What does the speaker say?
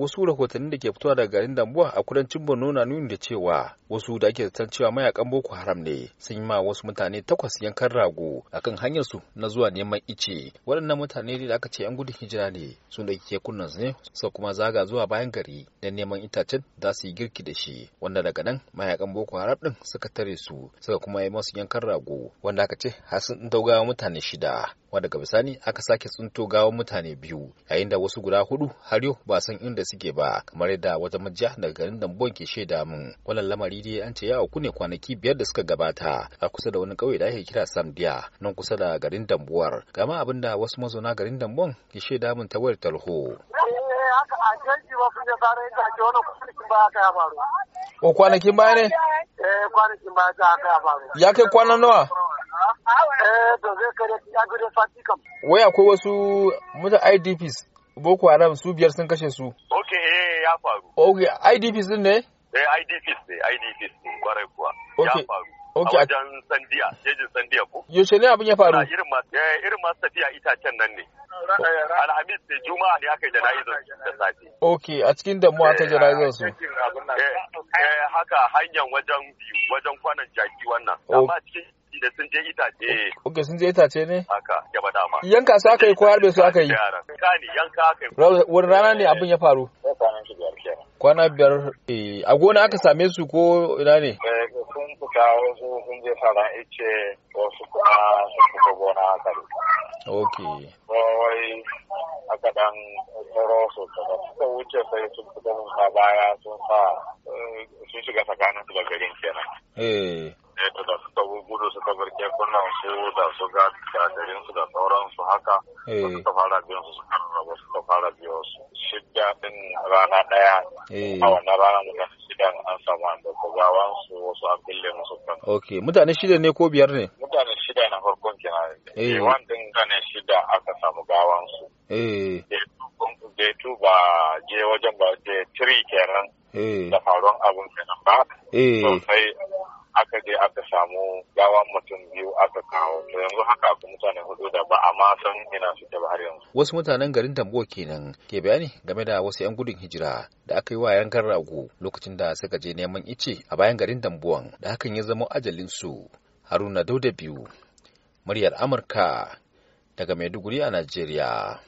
wasu rahotanni da ke fitowa daga garin dambuwa a kudancin borno na nuni da cewa wasu da ake zaton cewa mayakan boko haram ne sun yi ma wasu mutane takwas yankan rago akan hanyar su na zuwa neman ice waɗannan mutane da aka ce yan gudun hijira ne sun da kekunan su ne su kuma zaga zuwa bayan gari da neman itacen za su yi girki da shi wanda daga nan mayakan boko haram ɗin suka tare su suka kuma yi masu yankan rago wanda aka ce har sun dauga mutane shida wanda daga bisani aka sake tsinto gawan mutane biyu yayin da wasu guda hudu har yau ba san inda suke ba kamar yadda wata majiya daga garin Dambon ke shaida min wannan lamari dai an ce ya auku ne kwanaki biyar da suka gabata a kusa da wani kauye da ake kira Samdiya nan kusa da garin Dambuwar gama abin da wasu mazauna garin Dambon ke shaida min ta wayar talho eh, haka kwanakin baya ne? Eh, kwanakin baya ka Ya kai kwanan nawa? Eh, Wai akwai wasu mutan IDPs Boko Haram su biyar sun kashe su. Ok, eh ya faru. Ok, IDPs din ne? Eh IDPs ne, IDPs ne, kwarai kuwa. Ya faru. Okay. A wajen Sandiya, jejin Sandiya ko? Yaushe ne abin ya faru? Irin masu eh, irin masu tafiya itacen nan ne. Alhamis ne Juma'a ne aka yi jana'izar da safe. Okay, a cikin damuwa ta eh, jana'izar su. Eh haka hanyar wajen biyu, wajen kwanan jaki wannan. Amma cikin da sun je itace. Ok, sun je itace ne? Haka, gaba dama. Yanka su aka yi ko harbe su aka yi? Kani, yanka aka yi. Wani rana ne abin ya faru? Kwana biyar. Eh, a gona aka same su ko ina ne? Eh, sun fita wasu sun je su suka wuce sai sun fita mun baya sun sa eh, sun shiga tsakanin su to da suka gudu suka su da su ga gadarin su da sauransu haka eh. fara biyan su fara biyo su shidda din rana daya eh. a wannan rana mutane shida an samu an da su wasu an bille musu kan ok mutane shida ne ko biyar ne mutane shida na farkon kenan eh, eh din gane shida aka samu gawan su eh J2 ba je wajen ba J3 kenan da faruwan abun kenan ba. Eh. Sosai gawan mutum biyu aka kawo to yanzu haka ku mutane hudu da ba a ma san ina suke ba har yanzu wasu mutanen garin Tambuwa kenan ke bayani game da wasu yan gudun hijira da aka yi wa yankan rago lokacin da suka je neman ice a bayan garin Tambuwan da hakan ya zama ajalin su Haruna Dauda biyu muryar Amurka daga Maiduguri a Najeriya